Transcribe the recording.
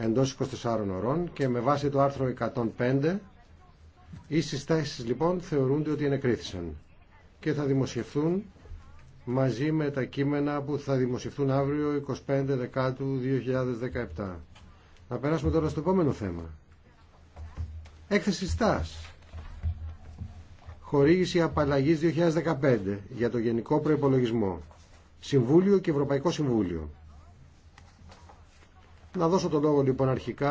εντός 24 ωρών και με βάση το άρθρο 105 οι συστάσεις λοιπόν θεωρούνται ότι ενεκρίθησαν και θα δημοσιευθούν μαζί με τα κείμενα που θα δημοσιευθούν αύριο 25 Δεκάτου 2017. Να περάσουμε τώρα στο επόμενο θέμα. Έκθεση στάς. Χορήγηση απαλλαγής 2015 για το Γενικό Προϋπολογισμό. Συμβούλιο και Ευρωπαϊκό Συμβούλιο. Να δώσω το λόγο λοιπόν αρχικά